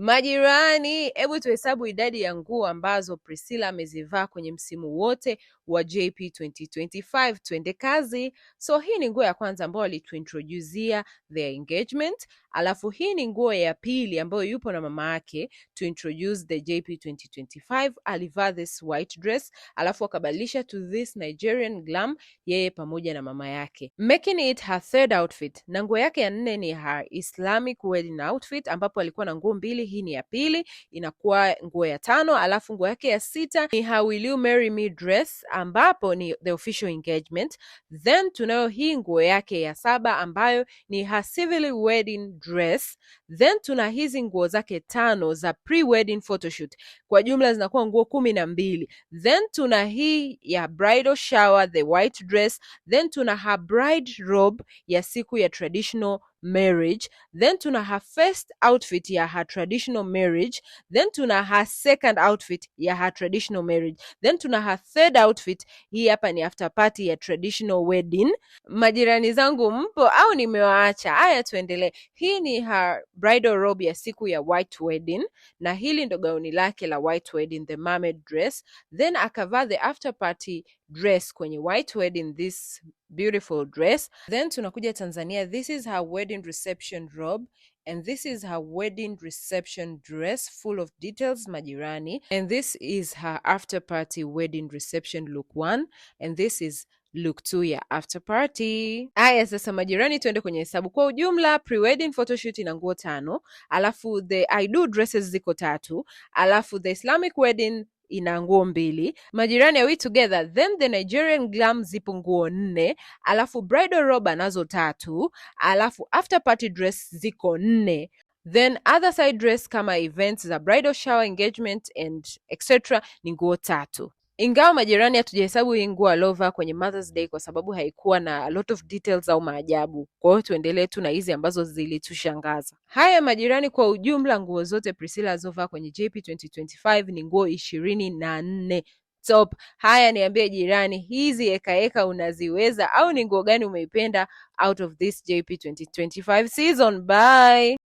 Majirani, hebu tuhesabu idadi ya nguo ambazo Priscilla amezivaa kwenye msimu wote wa JP 2025. Twende kazi. So hii ni nguo ya kwanza ambayo alituintroduzia their engagement, alafu hii ni nguo ya pili ambayo yupo na mama yake to introduce the JP 2025. Alivaa this white dress, alafu akabadilisha to this Nigerian glam, yeye pamoja na mama yake, making it her third outfit, na nguo yake ya nne ni her Islamic wedding outfit ambapo alikuwa na nguo mbili hii ni ya pili, inakuwa nguo ya tano. Alafu nguo yake ya sita ni How Will You Marry Me Dress, ambapo ni the official engagement. Then tunayo hii nguo yake ya saba ambayo ni Her Civil Wedding Dress. Then tuna hizi nguo zake tano za pre-wedding photoshoot, kwa jumla zinakuwa nguo kumi na mbili. Then tuna hii ya bridal shower, the white dress. Then tuna her bride robe ya siku ya traditional marriage, then tuna her first outfit ya her traditional marriage, then tuna her second outfit ya her traditional marriage, then tuna her third outfit. Hii hapa ni after party ya traditional wedding. Majirani zangu mpo au nimewaacha? Haya, tuendelee. Hii ni her bridal robe ya siku ya white wedding, na hili ndo gauni lake la white wedding, the mamed dress, then akavaa the after party dress kwenye white wedding this beautiful dress. Then tunakuja Tanzania, this is her wedding reception robe and this is her wedding reception dress full of details majirani, and this is her after party wedding reception look one, and this is look two ya after party. Aya, sasa majirani, tuende kwenye hesabu. Kwa ujumla prewedding photoshoot ina nguo tano, alafu the I do dresses ziko tatu, alafu the Islamic wedding ina nguo mbili, majirani yawi We Together, then the Nigerian Glam zipo nguo nne, alafu bridal robe nazo tatu, alafu after party dress ziko nne then other side dress kama events za bridal shower, engagement and etc ni nguo tatu. Ingawa Majirani hatujahesabu hii nguo aliovaa kwenye Mother's Day kwa sababu haikuwa na a lot of details au maajabu, kwa hiyo tuendelee tu na hizi ambazo zilitushangaza. Haya Majirani, kwa ujumla nguo zote Priscilla alizovaa kwenye JP 2025 ni nguo ishirini na nne top. Haya, niambie jirani, hizi ekaeka unaziweza au ni nguo gani umeipenda out of this JP 2025 season? by